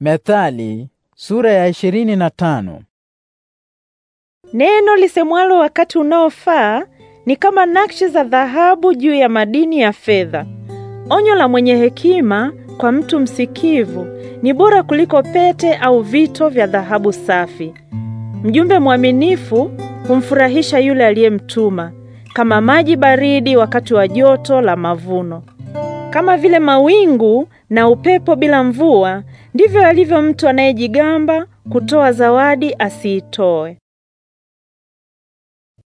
Methali sura ya ishirini na tano. Neno lisemwalo wakati unaofaa ni kama nakshi za dhahabu juu ya madini ya fedha. Onyo la mwenye hekima kwa mtu msikivu ni bora kuliko pete au vito vya dhahabu safi. Mjumbe mwaminifu humfurahisha yule aliyemtuma, kama maji baridi wakati wa joto la mavuno. Kama vile mawingu na upepo bila mvua, ndivyo alivyo mtu anayejigamba kutoa zawadi asiitoe.